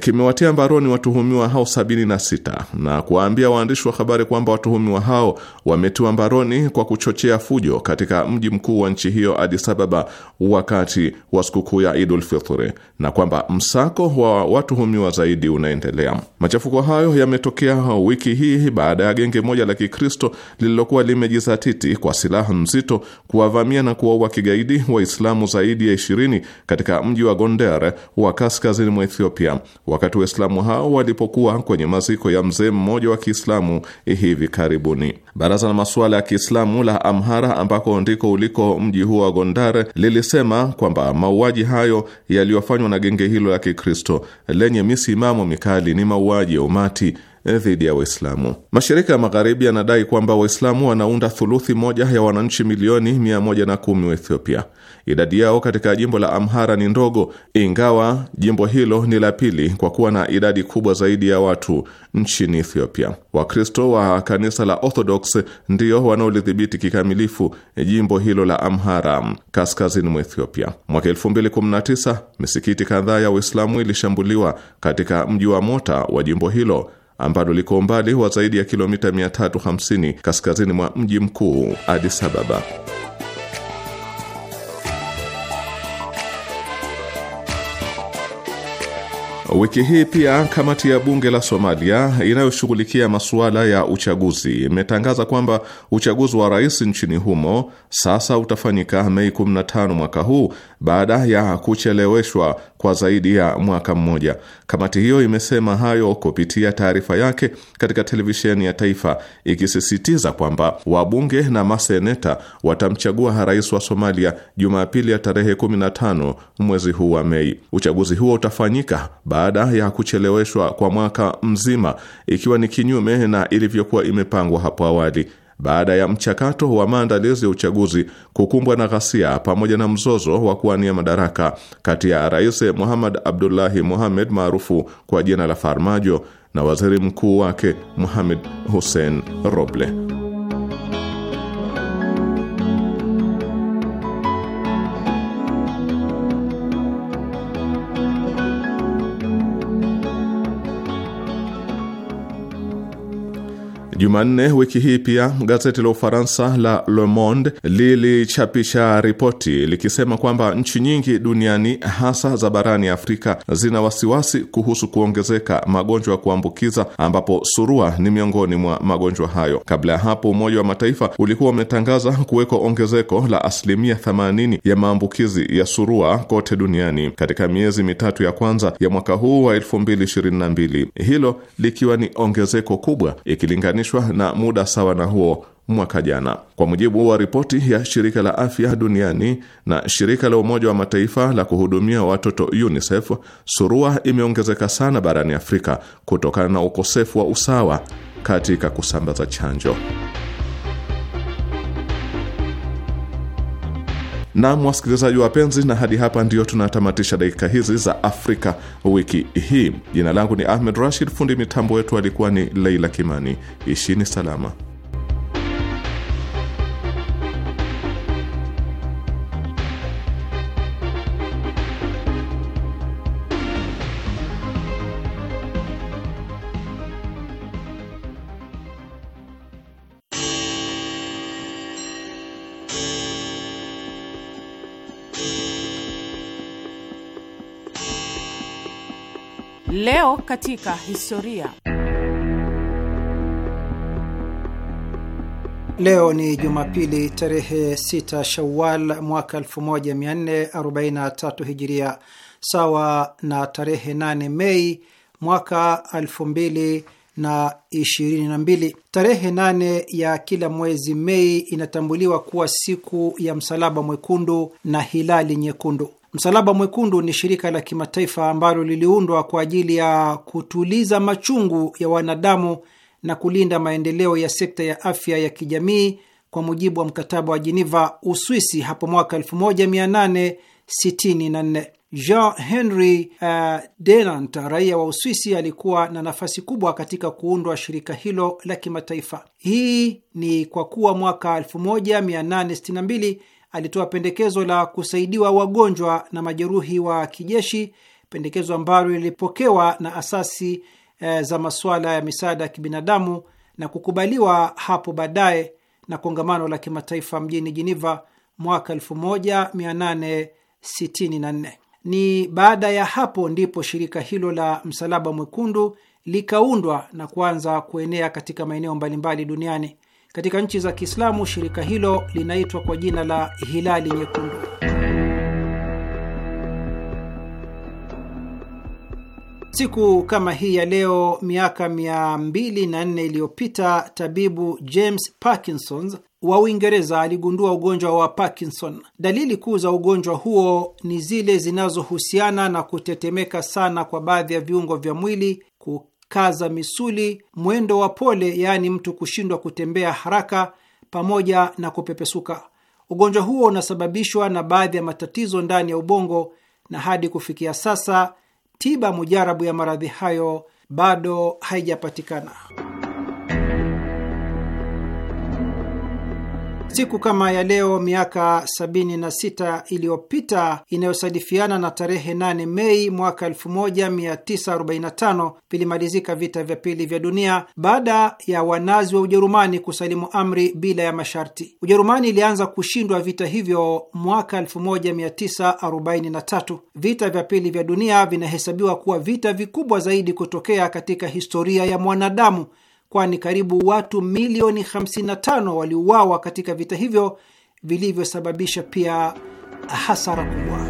kimewatia mbaroni watuhumiwa hao 76 na kuwaambia waandishi wa habari kwamba watuhumiwa hao wametiwa mbaroni kwa kuchochea fujo katika mji mkuu wa nchi hiyo Addis Ababa wakati wa sikukuu ya Idul Fitri na kwamba msako wa watuhumiwa zaidi unaendelea. Machafuko hayo yametokea wiki hii baada ya genge moja la Kikristo lililokuwa limejizatiti kwa silaha nzito kuwavamia na kuwaua kigaidi Waislamu zaidi ya 20 katika mji wa Gonder wa kaskazini mwa Ethiopia wakati Waislamu hao walipokuwa kwenye maziko ya mzee mmoja wa Kiislamu hivi karibuni. Baraza la masuala ya Kiislamu la Amhara, ambako ndiko uliko mji huo wa Gondar, lilisema kwamba mauaji hayo yaliyofanywa na genge hilo la Kikristo lenye misimamo mikali ni mauaji ya umati eh, dhidi ya Waislamu. Mashirika ya magharibi yanadai kwamba Waislamu wanaunda thuluthi moja ya wananchi milioni 110 wa Ethiopia idadi yao katika jimbo la Amhara ni ndogo, ingawa jimbo hilo ni la pili kwa kuwa na idadi kubwa zaidi ya watu nchini Ethiopia. Wakristo wa kanisa la Orthodox ndio wanaolidhibiti kikamilifu jimbo hilo la Amhara kaskazini mwa Ethiopia. Mwaka 2019 misikiti kadhaa ya Uislamu ilishambuliwa katika mji wa Mota wa jimbo hilo ambalo liko umbali wa zaidi ya kilomita 350 kaskazini mwa mji mkuu Addis Ababa. Wiki hii pia kamati ya bunge la Somalia inayoshughulikia masuala ya uchaguzi imetangaza kwamba uchaguzi wa rais nchini humo sasa utafanyika Mei 15 mwaka huu baada ya kucheleweshwa kwa zaidi ya mwaka mmoja. Kamati hiyo imesema hayo kupitia taarifa yake katika televisheni ya taifa, ikisisitiza kwamba wabunge na maseneta watamchagua rais wa Somalia Jumapili ya tarehe 15 mwezi huu wa Mei. Uchaguzi huo utafanyika baada ya kucheleweshwa kwa mwaka mzima, ikiwa ni kinyume na ilivyokuwa imepangwa hapo awali baada ya mchakato wa maandalizi ya uchaguzi kukumbwa na ghasia pamoja na mzozo wa kuwania madaraka kati ya Rais Muhammad Abdullahi Mohamed maarufu kwa jina la Farmajo na waziri mkuu wake Mohamed Hussein Roble. Jumanne wiki hii pia gazeti la Ufaransa la Le Monde lilichapisha ripoti likisema kwamba nchi nyingi duniani hasa za barani Afrika zina wasiwasi kuhusu kuongezeka magonjwa ya kuambukiza ambapo surua ni miongoni mwa magonjwa hayo. Kabla ya hapo, Umoja wa Mataifa ulikuwa umetangaza kuwekwa ongezeko la asilimia 80 ya maambukizi ya surua kote duniani katika miezi mitatu ya kwanza ya mwaka huu wa 2022, hilo likiwa ni ongezeko kubwa ikilinganishwa kulinganishwa na muda sawa na huo mwaka jana. Kwa mujibu wa ripoti ya shirika la afya duniani na shirika la Umoja wa Mataifa la kuhudumia watoto UNICEF, surua imeongezeka sana barani Afrika kutokana na ukosefu wa usawa katika kusambaza chanjo. Naam, wasikilizaji wapenzi, na hadi hapa ndio tunatamatisha dakika hizi za Afrika wiki hii. Jina langu ni Ahmed Rashid, fundi mitambo wetu alikuwa ni Leila Kimani. Ishini salama. katika historia. Leo ni Jumapili, tarehe 6 Shawal mwaka 1443 Hijiria, sawa na tarehe 8 Mei mwaka 2022. Tarehe nane ya kila mwezi Mei inatambuliwa kuwa siku ya Msalaba Mwekundu na Hilali Nyekundu. Msalaba Mwekundu ni shirika la kimataifa ambalo liliundwa kwa ajili ya kutuliza machungu ya wanadamu na kulinda maendeleo ya sekta ya afya ya kijamii kwa mujibu wa mkataba wa Jiniva, Uswisi, hapo mwaka 1864. Jean Henry uh, Denant, raia wa Uswisi, alikuwa na nafasi kubwa katika kuundwa shirika hilo la kimataifa. Hii ni kwa kuwa mwaka 1862 alitoa pendekezo la kusaidiwa wagonjwa na majeruhi wa kijeshi, pendekezo ambalo lilipokewa na asasi e, za masuala ya misaada ya kibinadamu na kukubaliwa hapo baadaye na kongamano la kimataifa mjini Geneva mwaka 1864. Ni baada ya hapo ndipo shirika hilo la Msalaba Mwekundu likaundwa na kuanza kuenea katika maeneo mbalimbali duniani. Katika nchi za Kiislamu shirika hilo linaitwa kwa jina la Hilali Nyekundu. Siku kama hii ya leo miaka 204 iliyopita tabibu James Parkinson wa Uingereza aligundua ugonjwa wa Parkinson. Dalili kuu za ugonjwa huo ni zile zinazohusiana na kutetemeka sana kwa baadhi ya viungo vya mwili, kaza misuli, mwendo wa pole, yaani mtu kushindwa kutembea haraka, pamoja na kupepesuka. Ugonjwa huo unasababishwa na baadhi ya matatizo ndani ya ubongo, na hadi kufikia sasa tiba mujarabu ya maradhi hayo bado haijapatikana. Siku kama ya leo miaka 76 iliyopita inayosadifiana na tarehe 8 Mei mwaka 1945 vilimalizika vita vya pili vya dunia baada ya wanazi wa Ujerumani kusalimu amri bila ya masharti. Ujerumani ilianza kushindwa vita hivyo mwaka 1943. Vita vya pili vya dunia vinahesabiwa kuwa vita vikubwa zaidi kutokea katika historia ya mwanadamu kwani karibu watu milioni 55 waliuawa katika vita hivyo vilivyosababisha pia hasara kubwa.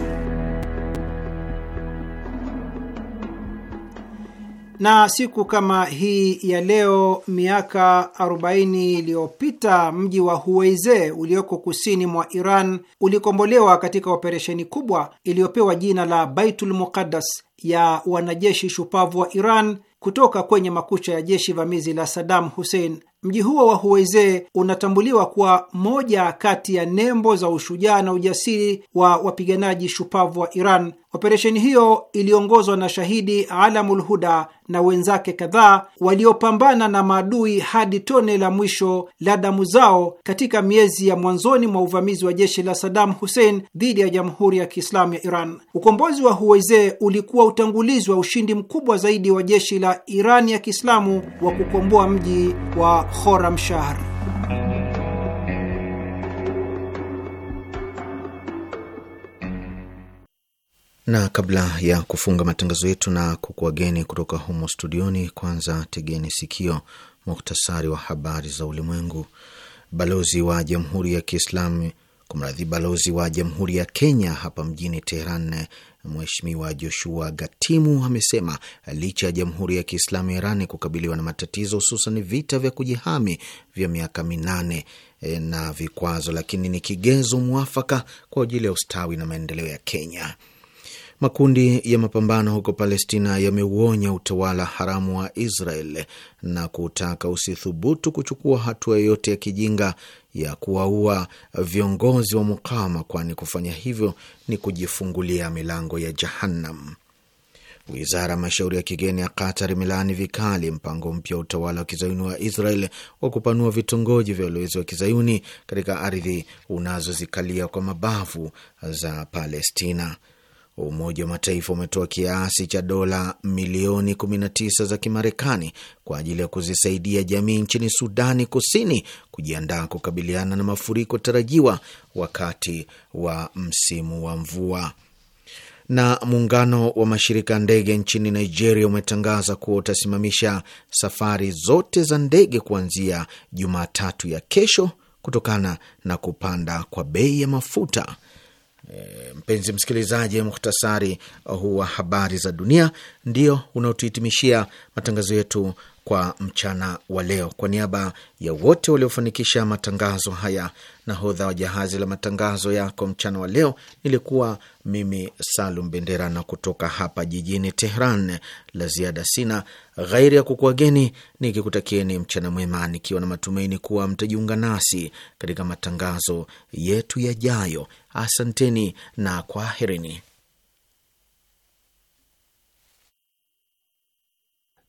Na siku kama hii ya leo miaka 40 iliyopita mji wa Huweize ulioko kusini mwa Iran ulikombolewa katika operesheni kubwa iliyopewa jina la Baitul Muqaddas ya wanajeshi shupavu wa Iran kutoka kwenye makucha ya jeshi vamizi la Saddam Hussein. Mji huo wa Huweize unatambuliwa kwa moja kati ya nembo za ushujaa na ujasiri wa wapiganaji shupavu wa Iran Operesheni hiyo iliongozwa na shahidi Alamul Huda na wenzake kadhaa waliopambana na maadui hadi tone la mwisho la damu zao katika miezi ya mwanzoni mwa uvamizi wa jeshi la Sadam Hussein dhidi ya Jamhuri ya Kiislamu ya Iran. Ukombozi wa Huweze ulikuwa utangulizi wa ushindi mkubwa zaidi wa jeshi la Iran ya Kiislamu wa kukomboa mji wa Khorramshahr. na kabla ya kufunga matangazo yetu na kukuwageni kutoka humo studioni, kwanza tegeni sikio muktasari wa habari za ulimwengu. Balozi wa Jamhuri ya Kiislamu kumradhi, balozi wa Jamhuri ya Kenya hapa mjini Teheran Mheshimiwa Joshua Gatimu amesema licha ya Jamhuri ya Kiislamu ya Iran kukabiliwa na matatizo hususan vita vya kujihami vya miaka minane e, na vikwazo, lakini ni kigezo mwafaka kwa ajili ya ustawi na maendeleo ya Kenya. Makundi ya mapambano huko Palestina yameuonya utawala haramu wa Israel na kutaka usithubutu kuchukua hatua yoyote ya kijinga ya kuwaua viongozi wa mukawama, kwani kufanya hivyo ni kujifungulia milango ya jahannam. Wizara ya mashauri ya kigeni ya Qatar imelaani vikali mpango mpya wa utawala wa kizayuni wa Israel wa kupanua vitongoji vya walowezi wa kizayuni katika ardhi unazozikalia kwa mabavu za Palestina. Umoja wa Mataifa umetoa kiasi cha dola milioni 19 za Kimarekani kwa ajili ya kuzisaidia jamii nchini Sudani Kusini kujiandaa kukabiliana na mafuriko tarajiwa wakati wa msimu wa mvua. Na muungano wa mashirika ndege nchini Nigeria umetangaza kuwa utasimamisha safari zote za ndege kuanzia Jumatatu ya kesho kutokana na kupanda kwa bei ya mafuta Eh, mpenzi msikilizaji, muhtasari huu wa habari za dunia ndio unaotuhitimishia matangazo yetu kwa mchana wa leo. Kwa niaba ya wote waliofanikisha matangazo haya, nahodha wa jahazi la matangazo yako mchana wa leo nilikuwa mimi Salum Bendera, na kutoka hapa jijini Tehran la ziada sina ghairi ya kukuageni nikikutakieni mchana mwema, nikiwa na matumaini kuwa mtajiunga nasi katika matangazo yetu yajayo. Asanteni na kwaherini.